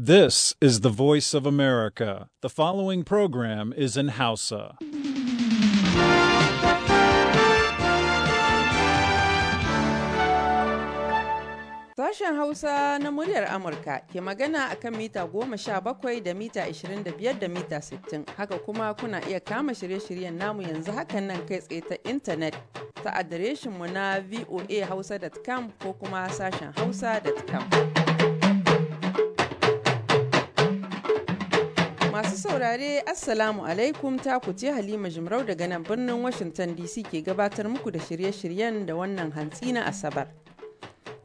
This is the voice of America. The following program is in Hausa. Sashen Hausa na muryar Amurka ke magana a kan mita goma sha bakwai da mita ishirin da biyar da mita sittin. Haka kuma kuna iya kama shirye-shiryen namu yanzu hakan nan kai tsaye ta intanet ta adireshinmu na voahausa.com ko kuma sashen hausa.com. Masu saurare Assalamu alaikum ta ku ce Halima Jimrau daga nan birnin Washington DC ke gabatar muku da shirye-shiryen da wannan hantsi na Asabar.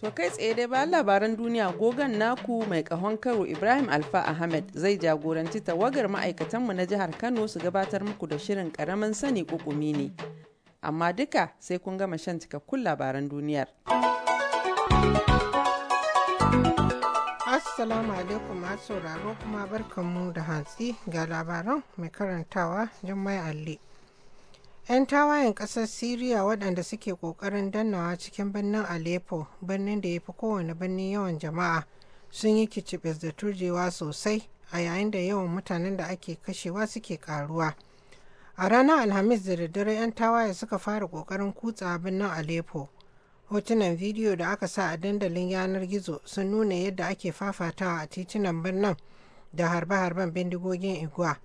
To kai tsaye dai bayan labaran duniya gogan naku mai kahon karo Ibrahim Alfa Ahmed zai jagoranci tawagar ma'aikatanmu na jihar Kano su gabatar muku da shirin karamin sani kukumi ne. Amma duka sai kun gama shan cikakkun labaran duniyar. Assalamu alaikum masu sauraro kuma mu da hantsi ga labaran mai karantawa Jummai Alli. 'Yan tawayen ƙasar Siriya waɗanda suke ƙoƙarin dannawa cikin birnin Aleppo birnin da ya fi kowane birnin yawan jama'a sun yi kicibis da turjewa sosai a yayin da yawan mutanen da ake kashewa suke ƙaruwa. A ranar Alhamis da daddare 'yan tawaye suka fara ƙoƙarin kutsa birnin Aleppo. Hotunan bidiyo da aka sa a dandalin yanar gizo sun nuna yadda ake fafatawa a titunan birnin da harbe-harben bindigogin iguwa.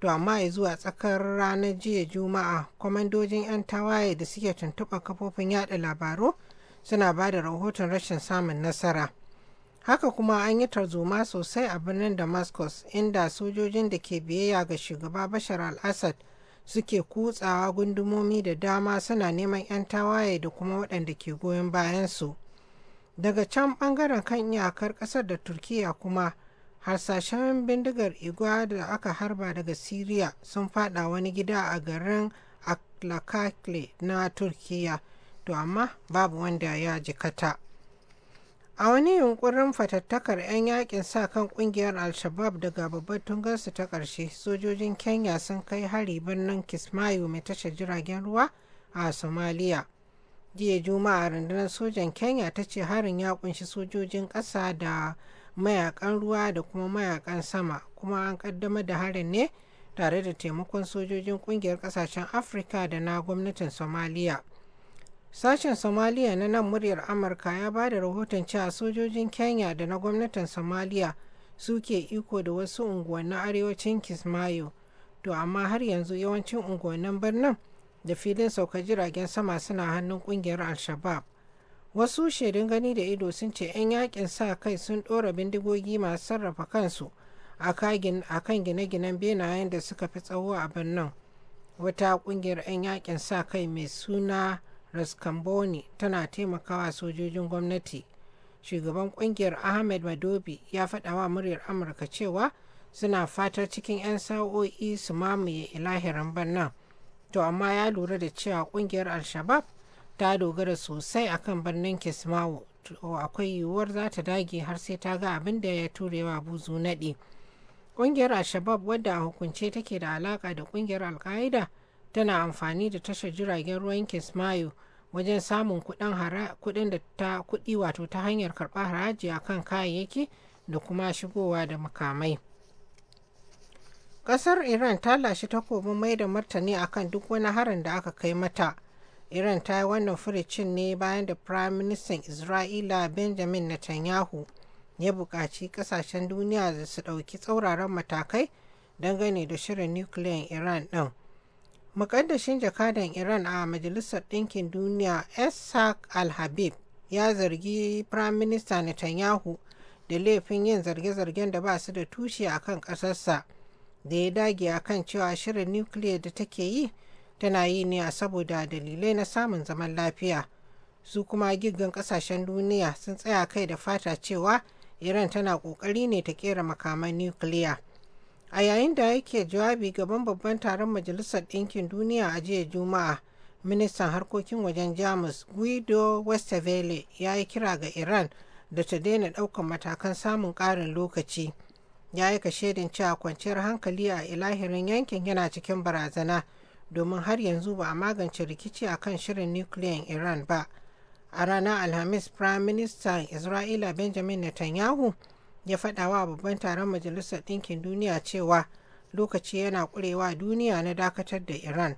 To amma ya zuwa tsakar ranar jiya Juma'a, kwamandojin 'yan tawaye da suke tuntuɓa kafofin yada labaru suna ba da rahoton rashin samun nasara. Haka kuma an yi tarzoma sosai a birnin Damascus, inda sojojin da ke biyayya ga shugaba Bashar al-Assad suke kutsawa gundumomi da dama suna neman 'yan tawaye da kuma waɗanda ke goyon bayansu daga can ɓangaren kan iyakar ƙasar da turkiya kuma harsashen bindigar igwa da aka harba daga syria sun fada wani gida a garin aklakakle na turkiya to amma babu wanda ya jikata a wani yunkurin fatattakar 'yan yakin sa kan kungiyar al-shabab daga babbar tungarsu ta ƙarshe sojojin kenya sun kai hari birnin kismayo mai tashar jiragen ruwa a somalia jiya juma'a rundunar sojan kenya ta ce harin ya kunshi sojojin ƙasa da mayakan ruwa da kuma mayakan sama kuma an ƙaddamar da harin ne tare da taimakon sojojin kungiyar ƙasashen afirka da na gwamnatin somalia Sashen Somaliya na nan muryar Amurka ya ba da rahoton cewa sojojin Kenya da na gwamnatin Somaliya suke iko da wasu unguwannin arewacin Kismayo, to amma har yanzu yawancin unguwannin birnin da filin sauka jiragen sama suna hannun kungiyar al shabab Wasu shaidun gani da ido sun ce 'yan yakin sa kai sun ɗora bindigogi masu sarrafa kansu a kan gine-ginen benayen da suka fi tsawo a birnin. Wata kungiyar 'yan yakin sa kai mai suna raskamboni tana taimakawa sojojin gwamnati shugaban kungiyar ahmed madobi ya faɗa wa muryar amurka cewa suna fatar cikin 'yan sa'o'i su mamaye ilahirin bannan to amma ya lura da cewa kungiyar Alshabab ta dogara sosai akan birnin kismawo to akwai yiwuwar za ta dage har sai ta ga abin da ya turewa buzu naɗi ƙungiyar Alshabab wadda a hukunce take da alaƙa da ƙungiyar al tana amfani da tashar jiragen ruwan kismayo wajen samun kuɗin da ta kudi wato ta hanyar karɓar haraji a kan kayayyaki da kuma shigowa da makamai ƙasar iran ta lashe takobin mai da martani akan duk wani harin da aka kai mata iran ta yi wannan furicin ne bayan da prime minister isra'ila benjamin netanyahu ya buƙaci ƙasashen duniya su ɗauki tsauraran matakai dangane da shirin nukiliyan iran ɗin. Mukaddashin jakadan Iran a Majalisar Ɗinkin Duniya Essak Al-Habib ya zargi Firaminista Netanyahu da laifin yin zarge-zargen da ba su da tushe a kan ƙasarsa da ya dage a kan cewa shirin nukiliya da take yi tana yi ne a saboda dalilai na samun zaman lafiya. Su kuma giggan ƙasashen duniya sun tsaya kai da fata cewa Iran tana ƙoƙari ne ta ƙera makaman nukiliya. a yayin da yake jawabi gaban babban taron majalisar ɗinkin duniya a jiya juma'a ministan harkokin wajen jamus guido westervelle ya yi kira ga iran da ta daina ɗaukar matakan samun ƙarin lokaci ya yi shaidin cewa kwanciyar hankali a ilahirin yankin yana cikin barazana domin har yanzu ba a magance rikici a kan shirin nukiliyan iran ba a ranar alhamis prime minister isra'ila benjamin netanyahu ya faɗa wa babban taron majalisar ɗinkin duniya cewa lokaci yana ƙurewa duniya na dakatar da iran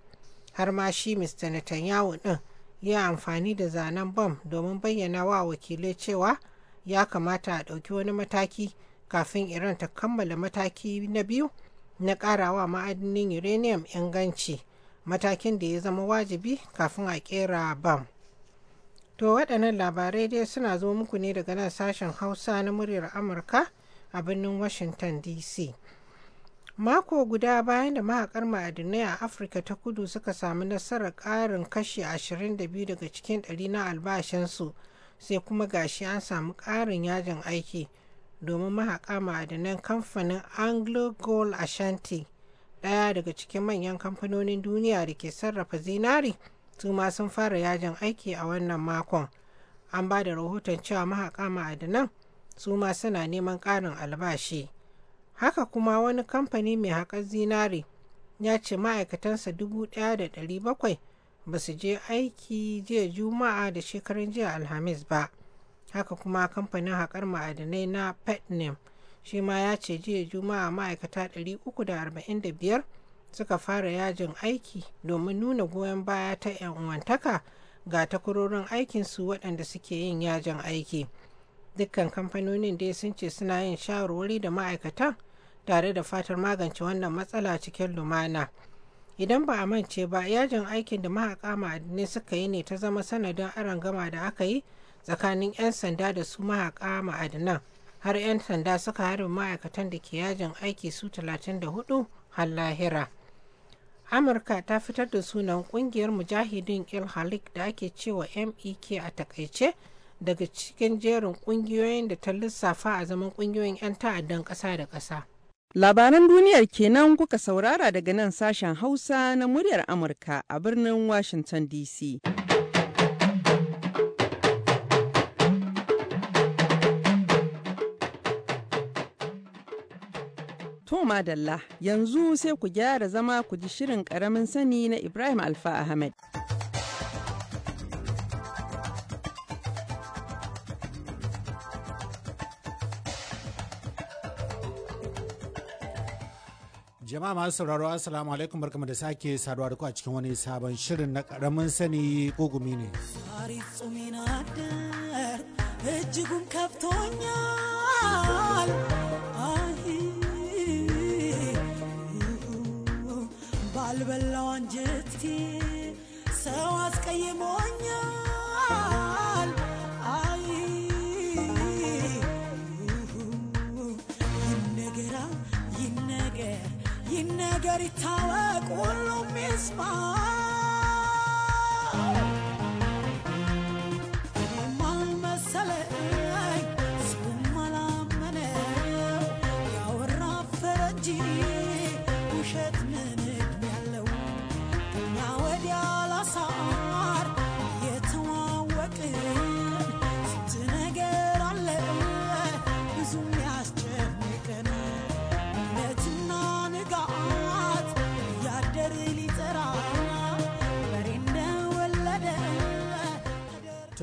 har ma shi mr netanyahu ɗin ya amfani da zanen bam domin bayyana wa wakilai cewa ya kamata a ɗauki wani mataki kafin iran ta kammala mataki na biyu na ƙarawa ma'adinin uranium inganci matakin da ya zama wajibi kafin a ƙera bam. To waɗannan labarai dai suna zo muku ne daga nan sashen Hausa na muryar Amurka a birnin Washington DC. Mako guda bayan da mahakar ma'adinai a Afirka ta kudu suka samu nasarar ƙarin kashi 22 daga cikin ɗari na albashinsu sai kuma gashi an samu ƙarin yajin aiki domin mahaƙa ma'adinan kamfanin Anglo Gold Ashanti ɗaya daga cikin manyan kamfanonin duniya da ke sarrafa zinari. su ma sun fara yajin aiki a wannan makon an ba da rahoton cewa mahaƙa ma'adanan su ma suna neman ƙarin albashi haka kuma wani kamfani mai haƙar zinare ya ce ma'aikatansa 1,700 ba su je aiki jiya juma'a da shekarun jiya alhamis ba haka kuma kamfanin haƙar ma'adanai na petnim shi ma ya ce jiya juma'a ma'aikata 345 suka fara yajin aiki domin nuna goyon baya ta 'yan uwantaka ga takwarorin aikinsu waɗanda suke yin yajin aiki dukkan kamfanonin dai sun ce suna yin shawarwari da ma'aikatan tare da fatar magance wannan matsala cikin lumana idan ba a mance ba yajin aikin da mahaƙa ma'adinai suka yi ne ta zama sanadin aron gama da aka yi tsakanin 'yan sanda da su mahaƙa ma'adinan har 'yan sanda suka harin ma'aikatan da ke yajin aiki su 34 har lahira. amurka ta fitar da sunan kungiyar mujahidin ilhalik da ake cewa mek a takaice daga cikin jerin kungiyoyin da ta lissafa a zaman kungiyoyin 'yan ta'addan ƙasa da ƙasa. labaran duniyar kenan kuka saurara daga nan sashen hausa na muryar amurka a birnin washington dc. To madalla yanzu sai ku gyara zama ku ji shirin karamin sani na Ibrahim Alfa Ahmed. Jama'a masu sauraro Assalamu alaikum barkamu da sake saduwa da ku a cikin wani sabon shirin na karamin sani gugumi ne. እጅጉም ያልበላው አንጀቴ ሰው አስቀይሞኛል። አይ ይነገራ ይነገር ይነገር ይታወቅ ሁሉም ይስማ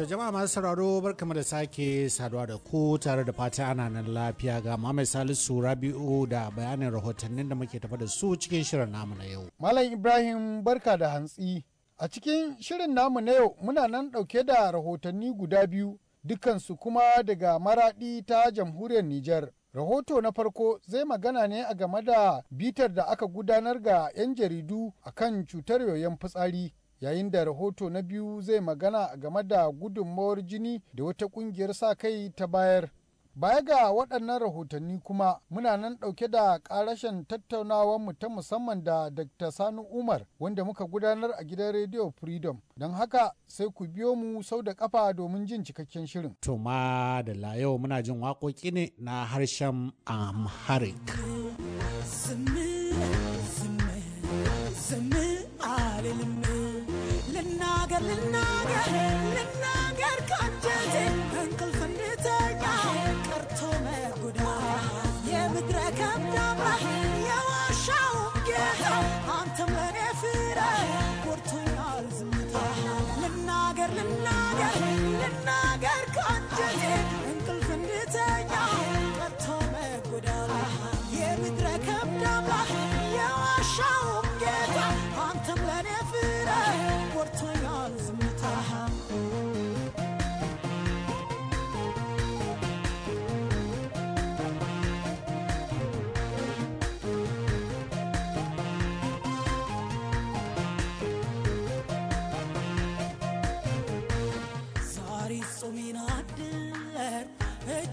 jama'a masu sauraro barkamu da sake saduwa da ku tare da fata ana nan lafiya ga Muhammad Salisu Rabi'u da bayanin rahotannin da muke tafa da su cikin shirin namu na yau. Malam Ibrahim barka da hantsi. A cikin shirin namu na yau muna nan ɗauke da rahotanni guda biyu dukansu kuma daga maraɗi ta jamhuriyar Nijar. Rahoto na farko zai magana ne a game da bitar da aka gudanar ga 'yan jaridu akan cutar yoyon fitsari. yayin da rahoto na biyu zai magana game da gudunmawar jini da wata kungiyar sa kai ta bayar baya ga waɗannan rahotanni kuma muna nan ɗauke da ƙarashin mu ta musamman da dr sani umar wanda muka gudanar a gidan radio freedom don haka sai ku biyo mu sau da ƙafa domin jin cikakken shirin to ma da yau muna jin waƙoƙi ne na harshen amharic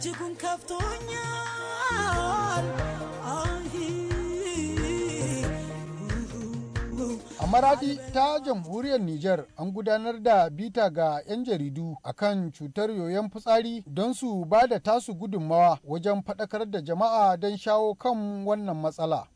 እጅጉን ከፍቶኛል። A Maradi ta jamhuriyar Nijar an gudanar da bita ga 'yan jaridu akan cutar yoyon fitsari don su ba da tasu gudunmawa wajen faɗakar da jama'a don shawo kan wannan matsala.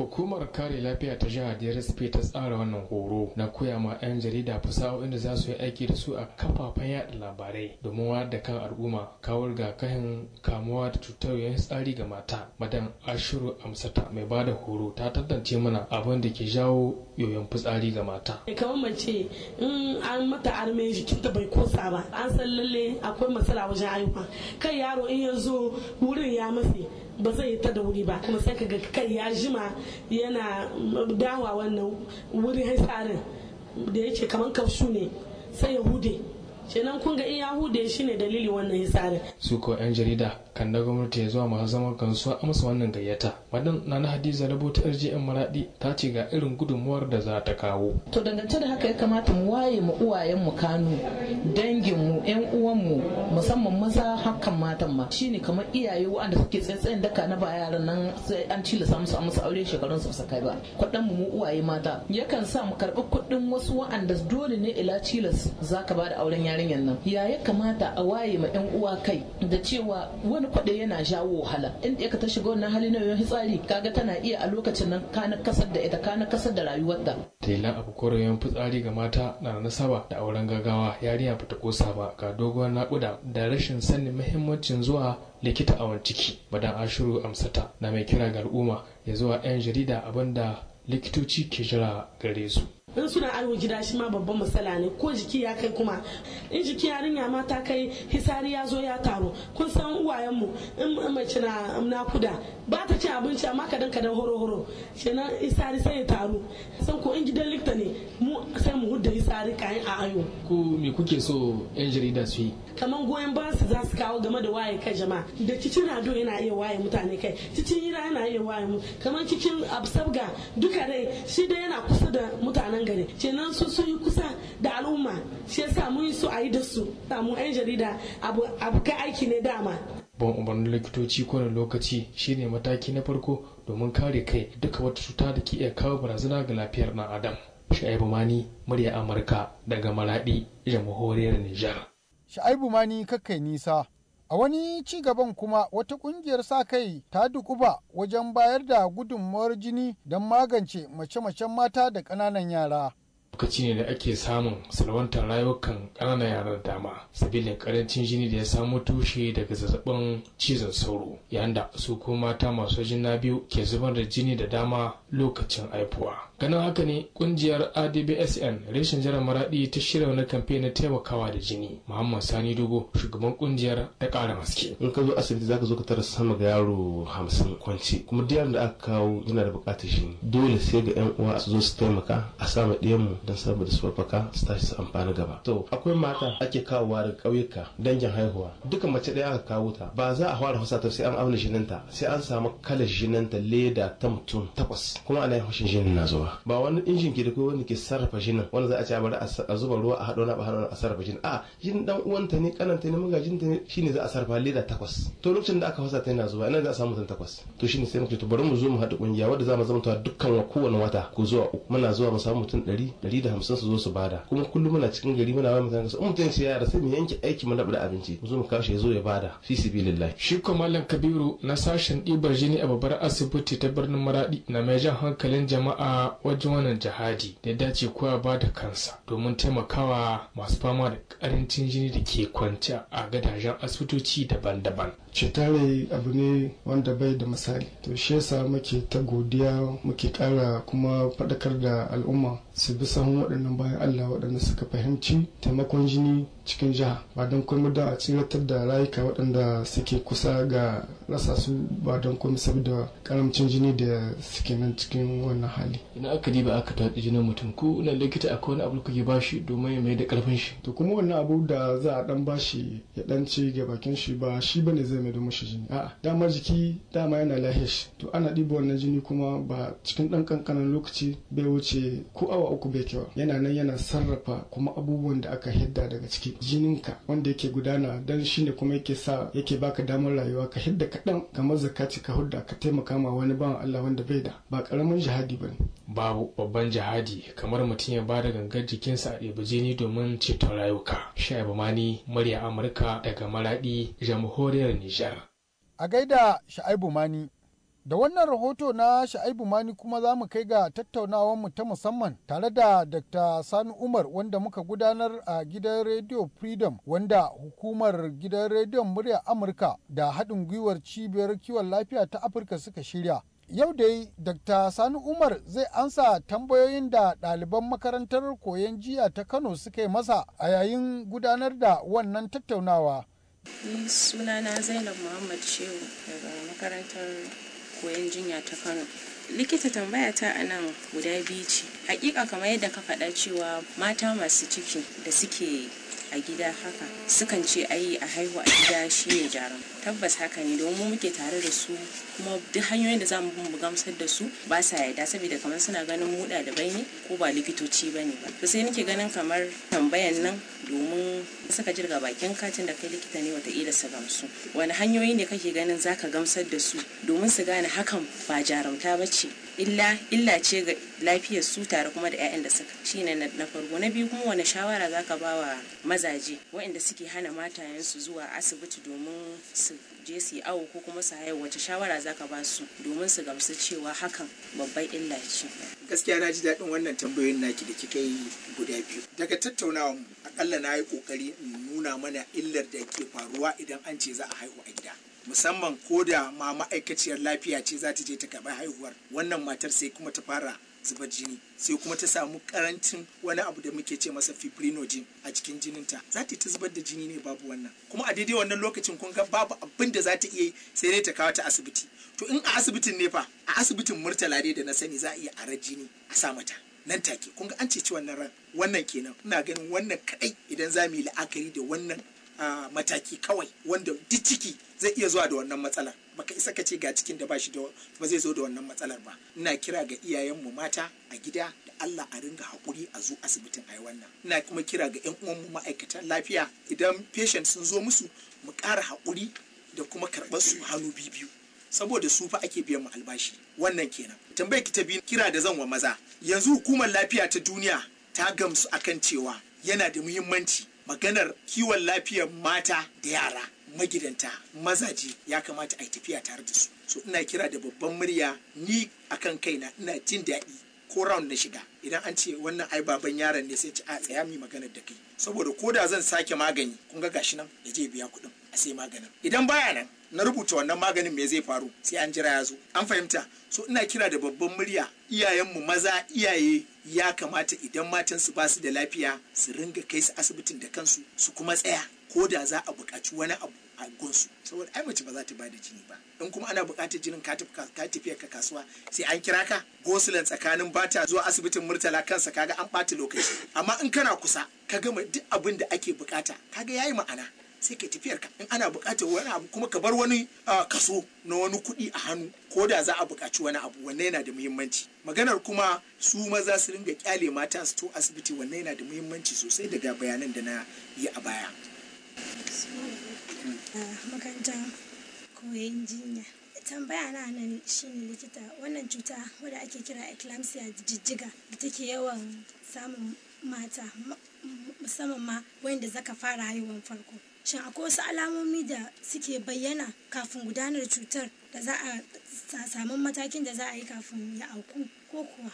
Hukumar kare lafiya ta jihar DRSP ta tsara wannan horo na koya ma 'yan jarida fasahohin da za su yi aiki da su a kafafen yada labarai domin wayar da kan al'umma kawo rigakafin kamuwa da cutar tsari ga mata. Madan Ashiru Amsata mai ba da horo ta tantance mana abin da ke jawo yoyon fitsari ga mata. Eh, kamar mace in an mata arme jikinta bai kosa ba an san lalle akwai matsala wajen aihuwa kai yaro in ya zo wurin ya masi ba zai yi ta da wuri ba kuma sai ka ga kai ya jima yana dawa wannan wuri hatsarin da yake kamar kafshu ne sai ya hude kenan kun ga in ya hude shi ne dalili wannan hisarin su ko yan jarida kan da gwamnati ya zuwa masu zaman kansu amsa wannan gayyata madan na hadiza rubuta rjm maraɗi ta ce ga irin gudunmuwar da za ta kawo to dangance da haka ya kamata mu waye mu uwayen mu kanu dangin mu yan uwan mu musamman maza hakan matan ma shine kamar iyaye wanda suke tsayin daka na ba yaran nan sai an cila musu a musu aure shekarun su su kai ba kuɗin mu mu uwaye mata yakan sa mu karɓi kuɗin wasu wa'anda dole ne ila cilas zaka ba da auren yare yarinyar nan ya ya kamata a waye ma yan uwa kai da cewa wani kwaɗe yana jawo wahala in da ka ta shiga wannan hali na yau fitsari kaga tana iya a lokacin nan kana kasar da ita kana kasar da rayuwarta tela abu korayen fitsari ga mata na nasaba da auren gaggawa yarinya bata kosa ba ga dogon nakuda da rashin sanin muhimmancin zuwa likita awon ciki badan ashiru amsata na mai kira ga al'umma ya zuwa 'yan jarida abinda likitoci ke jira gare su in suna awo gida shi ma babban matsala ne ko jiki ya kai kuma in jiki yarinya ma ta kai hisari ya zo ya taru kun san uwayenmu in mace na nakuda ba ta ci abinci amma kadan kadan horo horo kenan hisari sai ya taru san ko in gidan likta ne mu sai mu hudda hisari kayan a ayo ko me kuke so yan jarida su yi kamar goyon ba su za su kawo game da waye kai jama'a da kicin rado yana iya waye mutane kai kicin yira yana iya waye mu kamar kicin absabga duka dai shi dai yana kusa da mutane nan gari kenan su sun yi kusa da al'umma shi yasa mun so a yi da su samu 'yan jarida abu kai aiki ne dama ban umarnin likitoci kowane lokaci shine mataki na farko domin kare kai duka wata cuta da ke iya kawo barazana ga lafiyar ɗan adam sha'ibu mani murya amurka daga maraɗi jamhuriyar nijar sha'ibu mani kakkai nisa A wani ci gaban kuma wata kungiyar sa-kai ta dukuba wajen bayar da gudunmawar jini don magance mace-macen mata da ƙananan yara. lokaci ne da ake samun salwantar rayukan ƙananan yaran dama sabilin karancin jini da ya samo tushe daga zazzabin cizon sauro yayin da su kuma mata masu jinna biyu ke zubar da jini da dama lokacin haihuwa ganin haka ne kungiyar adbsn reshen jiran maradi ta shirya wani kamfe na taimakawa da jini muhammad sani dogo shugaban kungiyar ta ƙara maske in ka zo asibiti zaka zo ka tara sama ga yaro hamsin kwanci kuma duk da aka kawo yana da buƙatar jini dole sai ga yan uwa su zo su taimaka a sama ɗayan mu don saboda da farfaka su tashi su amfani gaba to akwai mata ake kawowa da ƙauyuka dangin haihuwa duka mace ɗaya aka kawo ta ba za a fara husata sai an auna jininta sai an samu kala jininta leda ta mutum takwas kuma ana yin hushin jinin na zuwa ba wani injin ke da ko wani ke sarrafa jinin wanda za a ci a bari a zuba ruwa a haɗo na ba a sarrafa jinin a jinin dan uwanta ne kananta ne ta ne shine za a sarrafa leda takwas to lokacin da aka ta yana zuwa ina za a samu mutum takwas to shine sai ce to bari mu zo mu haɗu kungiya wanda za mu zama dukkan wa kowane wata ko zuwa uku muna zuwa mu samu mutum ɗari dari da hamsin su zo su bada kuma kullum muna cikin gari muna wani mutane in mutum ya yara sai mu yanke aiki mu da abinci mu zo mu kawo shi ya zo ya bada fi sabilillah shi ko malam kabiru na sashen ɗibar jini a babbar asibiti ta birnin maraɗi na mai jan hankalin jama'a wajen wannan jihadi da dace kowa ya bada kansa domin taimakawa masu fama da karancin jini da ke kwanciya a gadajen asibitoci daban-daban cetare abu ne wanda bai da misali to shi yasa muke ta godiya muke kara kuma faɗakar da al'umma su bi sahun waɗannan bayan allah waɗanda suka fahimci taimakon jini cikin jiha ba don da a tsiratar da rayuka waɗanda suke kusa ga rasa su ba don saboda karamcin jini da suke nan cikin wannan hali ina aka diba aka tatsi jinin mutum ko na likita a wani abu da ba bashi domin mai da karfin shi to kuma wannan abu da za a dan bashi ya dan ci ga bakin shi ba shi bane zai mai da mushi jini a'a dama jiki dama yana lahiyar shi to ana ɗiba wannan jini kuma ba cikin ɗan kankanin lokaci bai wuce ko awa uku bai kyau yana nan yana sarrafa kuma abubuwan da aka hidda daga ciki jininka wanda yake gudana dan shine kuma yake sa yake baka damar rayuwa ka hidda kaɗan kamar zakaci ka hudda ka taimaka ma wani bawan Allah wanda bai da ba karamin jihadi bane babu babban jihadi kamar mutum ya bada gangar jikinsa a ɗebi jini domin ceton rayuka shaibu mani murya amurka daga maraɗi jamhuriyar nijar a gaida shaibu mani Da wannan rahoto na Sha'ibu Mani kuma za mu kai ga tattaunawarmu ta musamman tare da Dr. Sani Umar wanda muka gudanar a gidan Radio Freedom wanda hukumar gidan rediyon murya Amurka da haɗin gwiwar cibiyar kiwon lafiya ta Afirka suka shirya. Yau dai Dr. Sani Umar zai ansa tambayoyin da ɗaliban makarantar koyon jiya ta Kano suka yi masa a yayin gudanar da wannan tattaunawa. sunana Zainab Muhammad Shehu daga makarantar koyon jinya ta kano likita tambaya ta a nan guda biyu ce hakika kamar yadda ka faɗa cewa mata masu ciki da suke a gida haka sukan ce ai a haihu a gida shi shine jarum tabbas haka ne domin muke tare da su kuma duk hanyoyin da zamu mu gamsar da su ba sa yarda saboda kamar suna ganin muda da bai ne ko ba likitoci bane ba sai nake ganin kamar tambayan nan domin suka jirga bakin katin da kai likita ne wataƙila su gamsu wani hanyoyi ne kake ganin zaka gamsar da su domin su gane hakan ba jarumta ba ce illa illa ce ga lafiyar su tare kuma da 'ya'yan da suka shi ne na farko na biyu kuma wani shawara zaka ba wa mazaje waɗanda suke hana matayensu zuwa asibiti domin su je su yi awo ko kuma su haihu wace shawara za ka ba su domin su gamsu cewa hakan babban illa ce gaskiya na ji daɗin wannan tambayoyin naki da kika yi guda biyu daga tattaunawa mu akalla na yi kokari in nuna mana illar da ke faruwa idan an ce za a haihu a gida musamman ko da ma ma'aikaciyar lafiya ce za ta je ta karɓi haihuwar wannan matar sai kuma ta fara Zubar jini sai kuma ta samu karancin wani abu da muke ce masa fibrinogen a cikin jininta za ta zubar da jini ne babu wannan kuma a daidai wannan lokacin kun ga babu abin da za ta iya sai dai ta kawo ta asibiti to in a asibitin ne fa a asibitin murtala dai da na sani za a iya ara jini a sa mata nan take kun ga an ceci wannan ran wannan kenan ina ganin wannan kadai idan za mu yi la'akari da wannan ah, mataki kawai wanda duk ciki zai iya zuwa da wannan matsala maka isa ka ce ga cikin da bashi da ba zai zo da wannan matsalar ba ina kira ga iyayenmu mata a gida da Allah a ringa hakuri a zo asibitin ai wannan ina kuma kira ga yan uwanmu ma'aikatan lafiya idan patient sun zo musu mu ƙara hakuri da kuma karɓar su hannu biyu saboda su fa ake biyan mu albashi wannan kenan tambayar ki ta biyu kira da zan wa maza yanzu hukumar lafiya ta duniya ta gamsu akan cewa yana da muhimmanci maganar kiwon lafiyar mata da yara magidanta mazaje ya kamata a yi tafiya tare da su so ina kira da babban murya ni akan kaina ina jin daɗi ko round na shiga idan an ce wannan ai baban yaron ne sai ci a tsaya mi magana da kai saboda ko da zan sake magani kun ga gashi nan ya je biya kuɗin a sai maganin idan baya nan na rubuta wannan maganin me zai faru sai an jira ya zo an fahimta so ina kira da babban murya iyayenmu maza iyaye ya kamata idan matansu ba su da lafiya su ringa kai su asibitin da kansu su kuma tsaya ko da za a buƙaci wani abu a gonsu saboda ai mace ba za ta bada jini ba in kuma ana buƙatar jinin ka tafiya ka kasuwa sai an kira ka gosulan tsakanin bata zuwa asibitin murtala kansa kaga an bata lokaci amma in kana kusa ka gama duk abin da ake buƙata kaga yayi ma'ana sai ka tafiyar ka in ana buƙatar wani abu kuma ka bar wani kaso na wani kuɗi a hannu ko da za a buƙaci wani abu wannan yana da muhimmanci maganar kuma su maza su ringa kyale mata su to asibiti wannan yana da muhimmanci sosai daga bayanan da na yi a baya a makarantar koyon jinya. Tambaya na nan shine likita wannan cuta wadda ake kira eclampsia jijjiga da take yawan samun mata musamman ma wayanda zaka fara haihuwan farko. Shin akwai wasu alamomi da suke bayyana kafin gudanar cutar da za a samun matakin da za a yi kafin ya auku ko kuwa?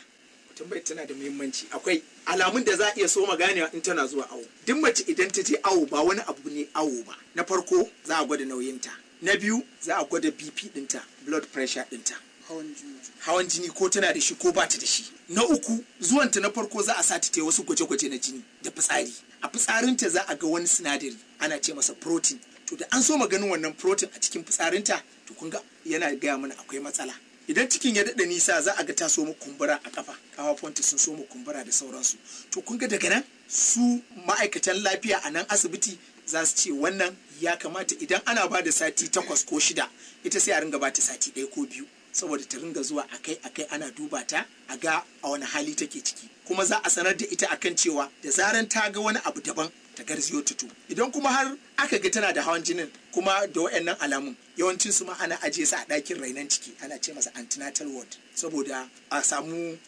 tambayar tana da muhimmanci akwai alamun da za a iya soma ganewa in tana zuwa awo duk mace idan ta je awo ba wani abu ne awo ba na farko za a gwada nauyinta na biyu za a gwada bp dinta blood pressure dinta hawan jini ko tana da shi ko ba ta da shi na uku zuwanta na farko za a sa ta wasu gwaje-gwaje na jini da fitsari a fitsarinta za a ga wani sinadari ana ce masa protein to da an so ganin wannan protein a cikin fitsarinta to kun ga yana gaya mana akwai matsala idan cikin ya daɗe nisa za a ga ta so kumbura a kafa fonti sun mu kumbura da sauransu to kun ga daga nan su ma'aikatan lafiya a nan asibiti za su ce wannan ya kamata idan ana ba da sati takwas ko shida ita sai a ringa ba ta sati ɗaya ko biyu saboda ta ringa zuwa akai akai ana duba ta a ga a wani hali take ciki kuma za a sanar da ita akan cewa da zaran ta ga wani abu daban ta garziyo tutu idan kuma har aka ga tana da hawan jinin kuma da wayannan alamun yawancin su ma ana ajiye su a ɗakin rainan ciki ana ce masa antenatal ward saboda a samu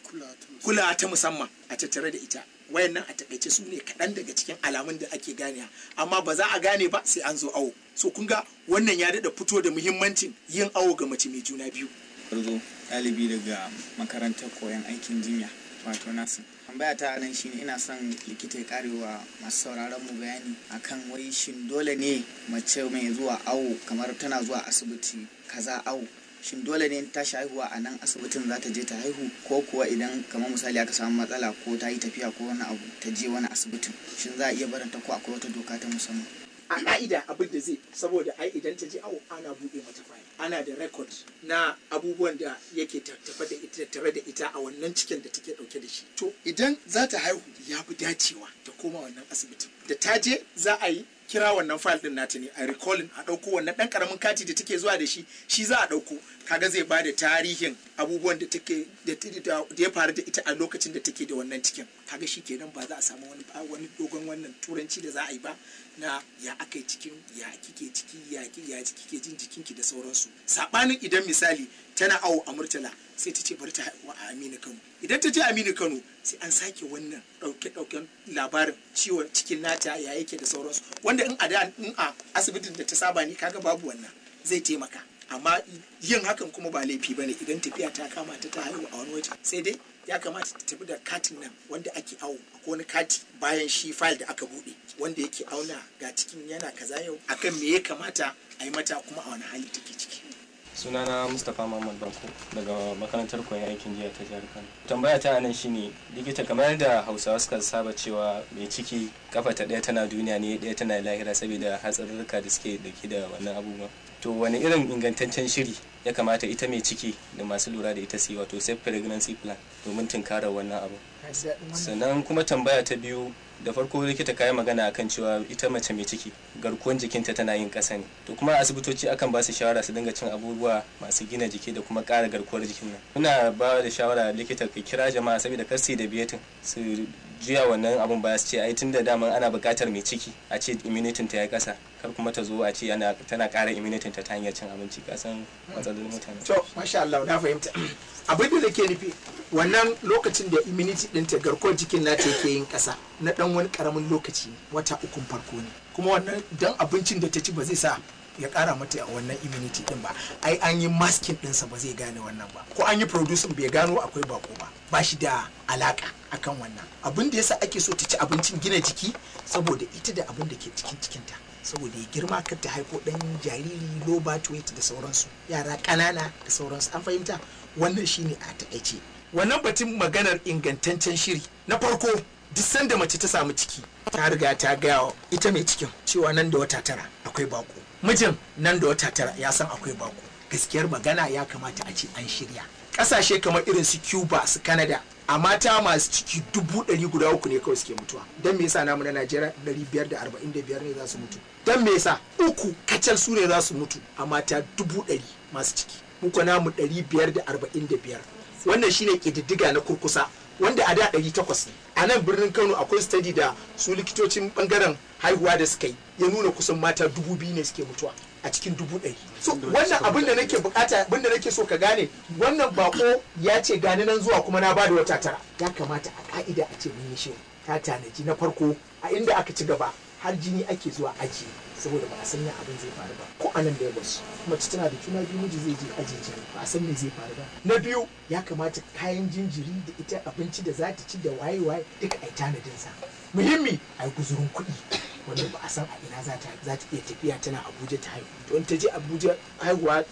kula ta musamman a tattare da ita wayannan a takaice su ne kaɗan daga cikin alamun da ake gane amma ba za a gane ba sai an zo awo so kun ga wannan ya daɗa fito da muhimmancin yin awo ga mace mai juna biyu. Ɗalibi daga makarantar koyon aikin jinya wato nasin. tambaya ta nan shine ina son likita ya karewa masu sauraron mu bayani akan wai shin dole ne mace mai zuwa awo kamar tana zuwa asibiti kaza awo shin dole ne ta haihuwa a nan asibitin za ta je ta haihu ko kuwa idan kamar misali aka samu matsala ko ta yi tafiya ko wani abu ta je wani asibitin shin za a iya barinta ko akwai wata doka ta musamman a ka'ida abin da zai saboda ai idan ta ji awo ana buɗe mata kwaya ana da rekod na abubuwan da yake tattafa da ita tare da ita a wannan cikin da take ɗauke da shi to idan za ta haihu ya bi dacewa ta koma wannan asibitin da ta je za a yi kira wannan file din nata ne a recalling a ɗauko wannan dan karamin kati da take zuwa da shi shi za a ɗauko kaga zai ba da tarihin abubuwan da take da ya faru da ita a lokacin da take da wannan cikin kaga shi kenan ba za a samu wani wani dogon wannan turanci da za a yi ba na ya aka cikin ya kike ciki ya kike jin jikinki da sauransu sabanin idan misali tana awo a murtala sai ta ce bari ta a Aminu Kano idan ta je Aminu Kano sai an sake wannan dauke dauken labarin ciwon cikin nata ya yake da sauransu wanda in a da in a asibitin da ta saba ni kaga babu wannan zai taimaka amma yin hakan kuma ba laifi bane idan tafiya ta kama ta ta haihu a wani waje sai dai ya kamata ta tafi da katin nan wanda ake awo ko wani kati bayan shi fayil da aka bude wanda yake auna ga cikin yana kaza yau akan me ya kamata a yi mata kuma a wani hali take ciki sunana mustapha mamman banko daga makarantar koyon aikin jiya ta jihar kano tambaya ta nan shine likita kamar da hausawa suka saba cewa mai ciki kafa ta ɗaya tana duniya ne ɗaya tana lahira saboda hatsarurruka da suke dauke da wannan abubuwa to wani irin ingantaccen shiri ya kamata ita mai ciki da masu lura da ita su wato safe pregnancy plan domin tunkarar wannan abu sannan kuma tambaya ta biyu da farko likita kayan magana akan cewa ita mace mai ciki garkuwan jikinta tana yin ƙasa ne to kuma asibitoci akan ba su shawara su dinga cin abubuwa masu gina jiki da kuma ƙara garkuwar jikin nan muna ba da shawara likita ka kira jama'a saboda kar su da biyatin su juya wannan abun ba su ce ai tunda daman ana buƙatar mai ciki a ce immunity ta ya kasa kar kuma ta zo a ce tana ƙara immunity ta ta hanyar cin abinci kasan matsalolin mutane to masha Allah na fahimta abin da yake nufi wannan lokacin da immunity ta garkuwar jikin na ta yake yin kasa na dan wani karamin lokaci wata ukun farko ne kuma wannan dan abincin da ta ci ba zai sa ya kara mata wannan immunity din ba ai an yi masking ba zai gane wannan ba ko an yi producing bai gano akwai bako ba ba shi da alaka akan wannan abin da yasa ake so ta ci abincin gina jiki saboda ita da abin da ke cikin cikinta saboda ya girma kar ta haifo dan jariri low birth weight da sauransu yara ƙanana da sauransu an fahimta wannan shine a takaice wannan batun maganar ingantaccen shiri na farko duk sanda mace ta samu ciki ta riga ta gaya ita mai cikin cewa nan da wata tara akwai bako mijin nan da wata tara ya san akwai bako gaskiyar magana ya kamata a ce an shirya kasashe kamar irin su cuba su canada a mata masu ciki dubu ɗari guda uku ne kawai suke mutuwa don me yasa namu na najeriya ɗari biyar da arba'in da biyar ne za su mutu don me yasa uku kacal su ne za su mutu a mata dubu ɗari masu ciki muka namu ɗari biyar da arba'in da biyar wannan shine ƙididdiga na kurkusa wanda a da ɗari takwas ne a nan birnin kano akwai study da su likitocin bangaren haihuwa da suka yi ya nuna kusan mata dubu biyu ne suke mutuwa a cikin dubu ɗai. so wannan abin da nake bukata abin da nake so ka gane wannan bako ya ce gani nan zuwa kuma na bada wata tara ya kamata a ka'ida a ce mun yi shi ta tanaji na farko a inda aka ci gaba har jini ake zuwa aji saboda ba a san ya abin zai faru ba ko a nan Lagos mace tana da juna biyu miji zai je aji jini ba a san me zai faru ba na biyu ya kamata kayan jinjiri da ita abinci da za ta ci da waye waye duka a tanadin sa muhimmi a yi guzurin kuɗi wanda ba a san a ina za ta za ta iya tafiya tana Abuja ta haihu don ta je Abuja haihuwa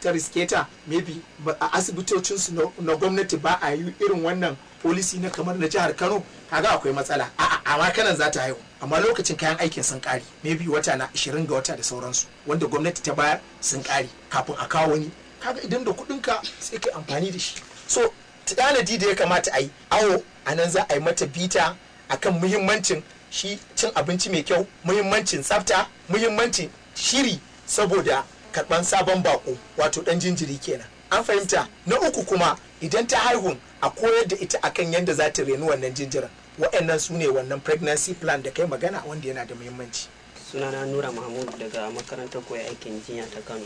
ta riske ta maybe a asibitocin su na gwamnati ba a yi irin wannan policy na kamar na jihar Kano kaga akwai matsala a amma kanan za ta haihu amma lokacin kayan aikin sun kare maybe wata na 20 ga wata da sauransu wanda gwamnati ta bayar sun kare kafin a kawo wani kaga idan da kuɗinka sai ka amfani da shi so tanadi da ya kamata a yi awo anan za a yi mata bita akan muhimmancin shi cin abinci mai kyau muhimmancin tsafta muhimmancin shiri saboda karban sabon bako wato dan jinjiri kenan an fahimta na uku kuma idan ta haihu a koyar da ita akan yadda za ta reni wannan jinjirin wa'annan su ne wannan pregnancy plan da kai magana wanda yana da muhimmanci sunana nura mahmud daga makarantar koya aikin jinya ta kano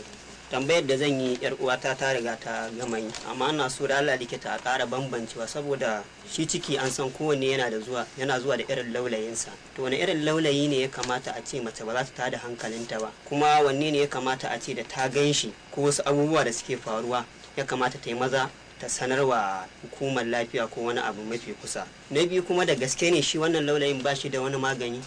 tambayar da zan yi yar uwata ta riga ta gama yi amma ana so da Allah likita a ƙara bambancewa saboda shi ciki an san kowanne yana da zuwa yana zuwa da irin laulayinsa to wani irin laulayi ne ya kamata a ce mace ba za ta tada hankalinta ba kuma wanne ne ya kamata a ce da ta gan shi ko wasu abubuwa da suke faruwa ya kamata ta yi maza ta sanar wa hukumar lafiya ko wani abu mafi kusa na biyu kuma da gaske ne shi wannan laulayin ba shi da wani magani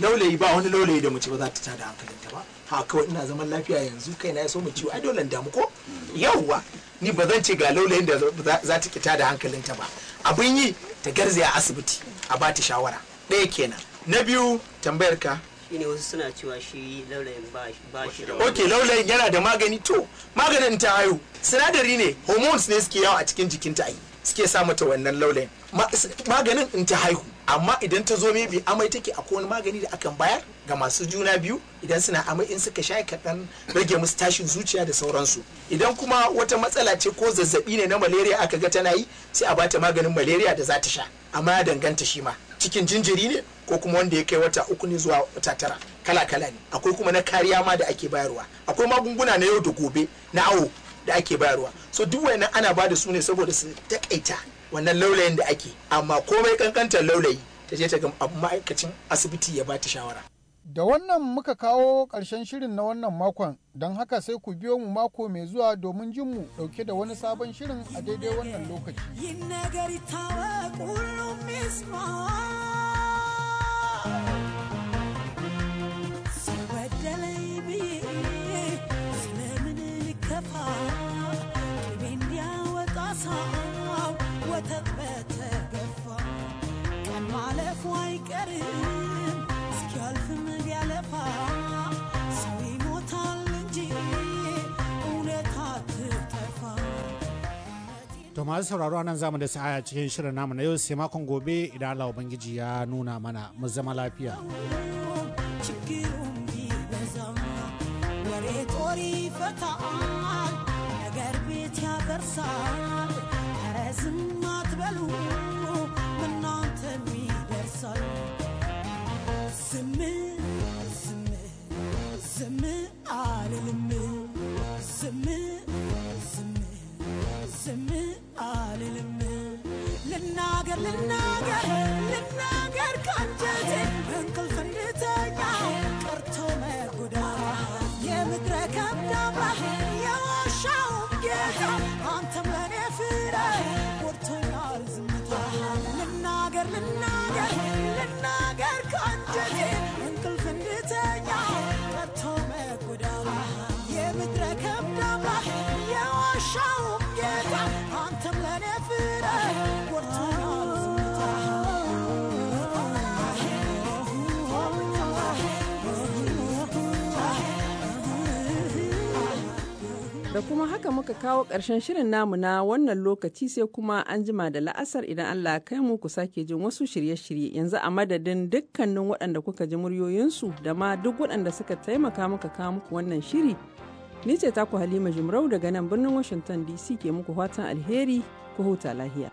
laulayi ba wani laulayi da mace ba za ta tada hankalinta ba ha kawai ina zaman lafiya yanzu kai na so mu ciwo ai dole damu ko yawwa ni ba zan ce ga laulayin da za ta kita da hankalinta ba abin yi ta garzaya asibiti a ba ta shawara ɗaya kenan na biyu tambayar ka shine wasu suna cewa shi laulayin ba shi da ok laulayin yana da magani to maganin ta haihu. sinadari ne hormones ne suke yawo a cikin jikinta ai suke sa mata wannan laulayin maganin in ta haihu amma idan ta zo bi amai take a wani magani da akan bayar ga masu juna biyu idan suna amai in suka sha kaɗan rage musu tashin zuciya da sauransu idan kuma wata matsala ce ko zazzabi ne na malaria aka ga tana yi sai a bata maganin malaria da za ta sha amma ya danganta shi ma cikin jinjiri ne ko kuma wanda ya kai wata uku ne zuwa wata tara kala kala ne akwai kuma na kariya ma da ake bayarwa akwai magunguna na yau da gobe na awo da ake bayarwa so duk wayannan ana ba da su ne saboda su takaita wannan laulayin da ake amma komai kankantar laulayi ta je ta ga ma'aikacin asibiti ya ba ta shawara da wannan muka kawo ƙarshen shirin na wannan makon don haka sai ku biyo mu mako mai zuwa domin jin mu dauke da wani sabon shirin a daidai wannan lokaci yin nagari tawa To masu sauraro nan zamu da sa'a cikin shirin namu na yau sai makon gobe idan Allah Ubangiji ya nuna mana mu zama lafiya. ነገር ቤት ያፈርሳል። ኧረ ዝም ልናገር ልናገር ካንጀቴ kuma haka muka kawo ƙarshen shirin namu na wannan lokaci sai kuma an jima da la'asar idan Allah kai mu ku sake jin wasu shirye-shirye yanzu a madadin dukkanin waɗanda kuka ji muryoyinsu da ma duk waɗanda suka taimaka muka kawo muku wannan shiri. Ni ce taku Halima jimrau daga nan birnin Washington DC ke muku fatan alheri ku huta lahiya.